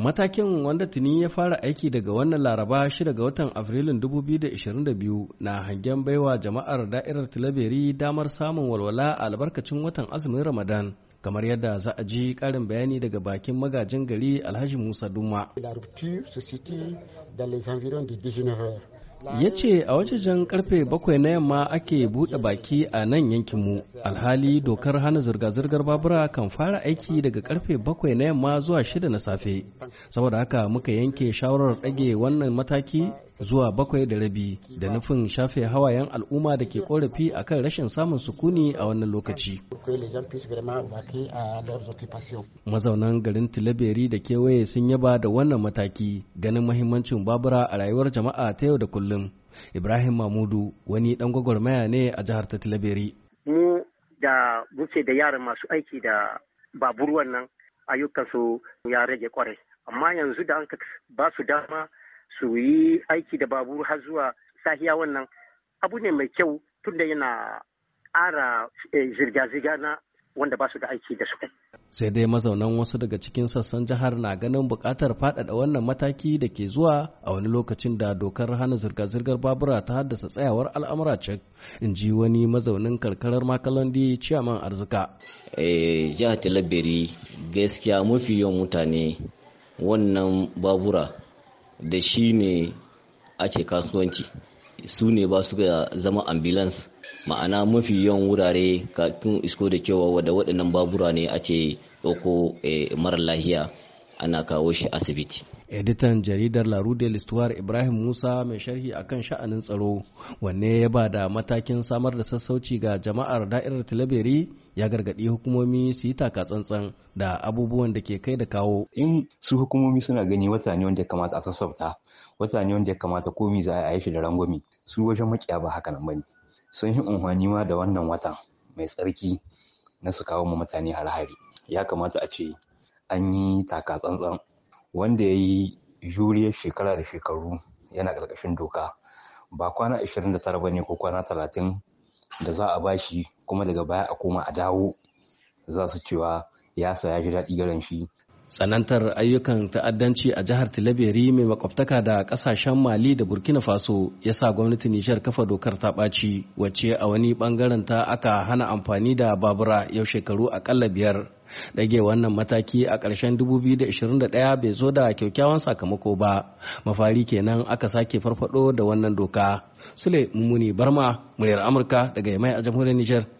Matakin wanda tuni ya fara aiki daga wannan laraba shida ga watan Afrilun 2022 na hangen baiwa jama'ar da'irar Tilaberi damar samun walwala a albarkacin watan azumin Ramadan. kamar yadda za a ji karin bayani daga bakin magajin gari alhaji musa duma ya ce a wajejen karfe bakwai na yamma ake buɗe baki a nan yankinmu alhali dokar hana zirga-zirgar babura kan fara aiki daga karfe bakwai na yamma zuwa shida na safe saboda haka muka yanke shawarar ɗage wannan mataki zuwa bakwai da rabi da nufin shafe hawayen al'umma da ke korafi kan rashin samun sukuni a wannan lokaci mazaunan garin tilaberi da kewaye sun yaba da wannan mataki ganin mahimmancin babura a rayuwar jama'a ta yau da kullum kullum. Ibrahim Mamudu wani ɗan gwagwarmaya ne a jihar ta Tilaberi. Mu da muke da yaran masu aiki da babur wannan ayyukansu ya rage kwarai. Amma yanzu da an ba su dama su yi aiki da babur har zuwa sahiya wannan abu ne mai kyau tunda yana ƙara eh, zirga-zirga na wanda ba su da aiki da su kai. sai dai mazaunan wasu daga cikin sassan jihar na ganin buƙatar faɗaɗa wannan mataki da ke zuwa a wani lokacin da dokar hana zirga-zirgar babura ta haddasa tsayawar al'amura cek in ji wani mazaunin karkarar makalandi ciyaman arzika eh, jihar talabiri gaskiya mafi yawan mutane wannan babura da shi ne ake kasuwanci su ne ba suka zama ambulance ma'ana mafi yawan wurare kafin isko da cewa wadda waɗannan babura ne a ce ɗauko eh, mara lahiya ana kawo shi asibiti editan jaridar larude listuwar ibrahim musa mai sharhi akan sha'anin tsaro wanne ya ba da matakin samar da sassauci ga jama'ar da'irar tilaberi ya gargaɗi hukumomi su yi taka tsantsan da abubuwan da ke kai da kawo in su hukumomi suna gani wata ne wanda ya kamata a sassauta wata ne wanda ya kamata komi za a yi shi da rangwami su wajen makiya ba haka nan bane sun yi unhwani ma da wannan watan mai tsarki na su kawo mu mutane hare-hare ya kamata a ce an yi taka tsantsan wanda ya yi juriyar shekara da shekaru yana ƙarƙashin doka ba kwana 29 ba ne ko kwana 30 da za a ba shi kuma daga baya a koma a dawo za su cewa ya saya ji daɗi garan shi tsanantar ayyukan ta'addanci a jihar tilaberi mai makwabtaka da kasashen mali da burkina faso ya sa gwamnati nijar kafa dokar ta ɓaci wacce a wani ɓangaren ta aka hana amfani da babura yau shekaru akalla biyar ɗage wannan mataki a ƙarshen 2021 bai zo da kyakkyawan sakamako ba mafari kenan aka sake farfado da wannan doka sule mummuni barma muryar amurka daga yamai a jamhuriyar nijar